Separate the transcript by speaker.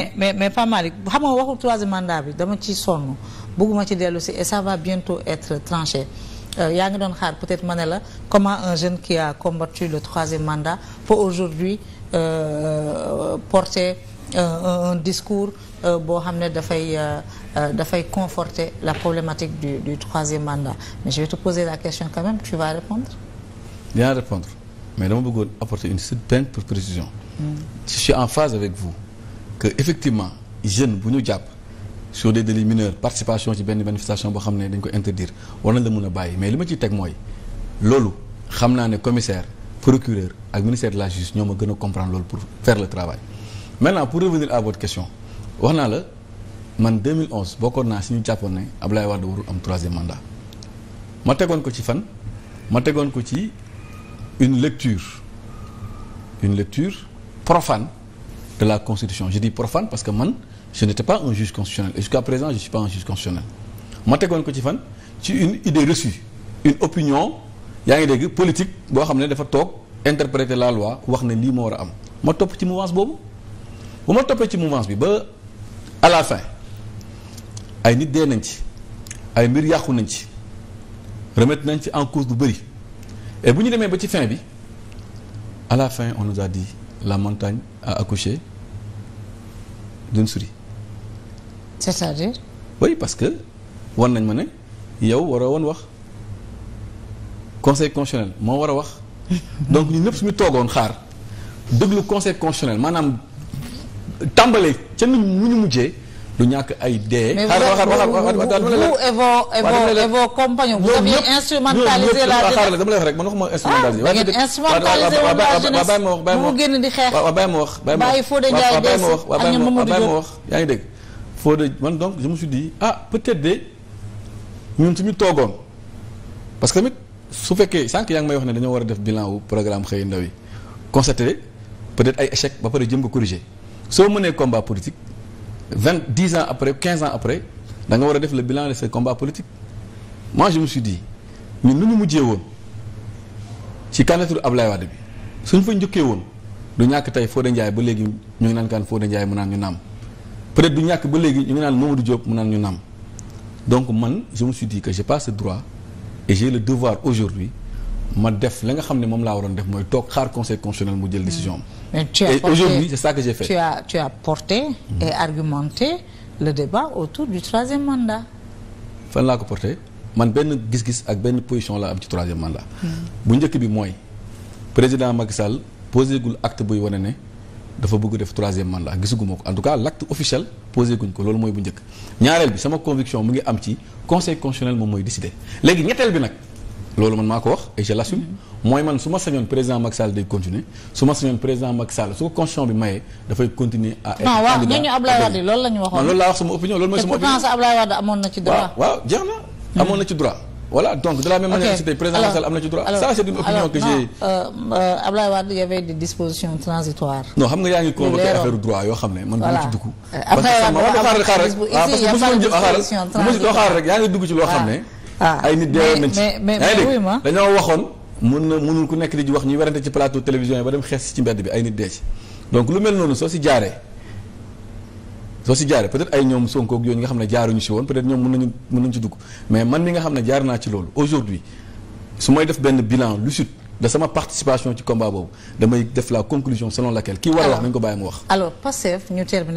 Speaker 1: mais mais mais pas Malick xam nga waxul troisième mandat bi dama ci sonn bëgguma ci dellu si et ça va bientôt être tranché euh, yaa ngi doon xaar peut-être ma ne la comment un jeune qui a combattu le troisième mandat peut aujourd'hui euh, porter euh, un discours euh, boo xam ne dafay euh, dafay conforter la problématique du du troisième mandat mais je vais te poser la question quand tu vas répondre
Speaker 2: dinaa répondre mais dama bëggoon apporter une petite précision. Hmm. je suis en phase avec vous. que effectivement jeune bu ñu jàpp sur des délits mineurs participation ci benn manifestation boo xam ne dañ ko interdire war nañ la mën a bàyyi mais li ma ciy teg mooy loolu xam naa ne commissaire procureur ak ministère de la justice ñoo ma gën a comprendre loolu pour faire le travail maintenant pour revenir à votre question wax naa la man 2011 bokkoon naa si ñu jàppoon ne Abdoulaye Wade warul am troisième mandat ma tegoon ko ci fan ma tegoon ko ci une lecture une lecture profane de la constitution je dis profane parce que man je n'étais pas un juge constitutionnel et jusqu'à présent je pas un juge constitutionnel ma tegoon ko ci fan ci une idée reçue une opinion yaa ngi dégg politique boo xam ne dafa toog interpréter la loi wax ne lii moo war a am ma topp ci mouvance boobu bu ma toppee ci mouvance bi ba à la fin ay nit dee nañ ci ay mbir yàqu nañ ci remettre nañ ci en cause lu bëri et bu ñu demee ba ci fin bi à la fin on nous la montagne a accouché d'une souris. cest parce que wan nañ ma ne yow waroo woon wax conseil constitutionnel moo war a wax donc ñun ñëpp suñu toogoon xaar déglu conseil constitutionnel maanaam tàmbalee ca nu mu ñu mujjee. lu ñàkk ay dee. xaaral xaaral dama lay wax rek man waxuma instrumentalisé. da ah, ngeen instrumentalisé woon la jeunesse bàyyi ma wax bàyyi ma wax mu génn di xeex. waaw wax bàyyi ma wax bàyyi Fodé Ndiaye dees ak ñoom Mamadou ma wax yaa ngi dégg. Fodé man donc je me suis dit ah peut de ñun suñu toogoon parce que tamit su fekkee sànq yaa ngi may wax ne dañoo war a def bilan wu programme xëy ndaw yi constaté peut-être ay échec ba pare jëm ko corriger soo mënee combat politique vingt dix ans après quinze ans après danga war a def le bilan de ces combats politiques moi je me suis dit ñun nu ñu mujjee woon ci ab Ablaye Wade bi suñ fa njëkkee woon du ñàkk tey Fodé Ndiaye ba léegi ñu ngi naan kaan Fodé Ndiaye mun naan ñu naam peut-être du ñàkk ba léegi ñu ngi naan Mamadou Diop mun naan ñu naam donc man je me suis dit que j'ai pas ce droit et j'ai le devoir aujourd'hui ma def la nga xam ne moom laa waroon def mooy toog xaar conseil constitutionnel mu jël décision mm. mais tu as porté aujourd'hui c'est ça que j'ai fait
Speaker 1: tu as porté mm. et argumenté le débat autour du troisième mandat
Speaker 2: fan laa ko porté man benn gis-gis ak benn position laa am ci troisième mandat mm. bu njëkk bi mooy président Macky Sall posé gul acte buy wane ne dafa bëgg def troisième mandat gisuguma ko en tout cas l' acte officiel posé guñ ko loolu mooy bu njëkk ñaareel bi sama conviction mu ngi am ci conseil moom mooy décidé léegi ñetteel bi nag loolu man maa ko wax et je mm-hmm. mooy man su ma sañoon président Macky Sall day continuer su ma sañoon président Macky Sall su ko constitution bi mayee dafay continuer à être non waaw ñooñu Ablaye
Speaker 1: loolu la waxoon loolu laa
Speaker 2: wax sama opinion loolu mooy sama opinion sa
Speaker 1: Ablaye na ci droit
Speaker 2: waaw jeex na mm-hmm. amoon na ci droit voilà donc de la même manière ci droit ça euh, euh, xam nga yaa ngi convoqué affaire droit yoo xam ne man duma ci dugg
Speaker 1: parce que xaar
Speaker 2: yaa ngi dugg ci loo Ah. ay nit deewoon nañ ci mais mais dañoo waxoon mun na munul ku nekk di wax ñuy werante ci plateau télévision yi ba dem xees ci mbedd bi ay nit dee ci donc lu mel noonu soo si jaaree soo si jaaree peut-être ay ñoom Sonko ak yooyu nga xam ne jaaruñu si woon peut-être ñoom mun nañu mun nañu ci dugg mais man mi nga xam ne jaar naa ci loolu aujourd'hui su may def benn bilan lucide de sama participation ci combat boobu damay def la conclusion selon laquelle kii war a
Speaker 1: wax nañu ko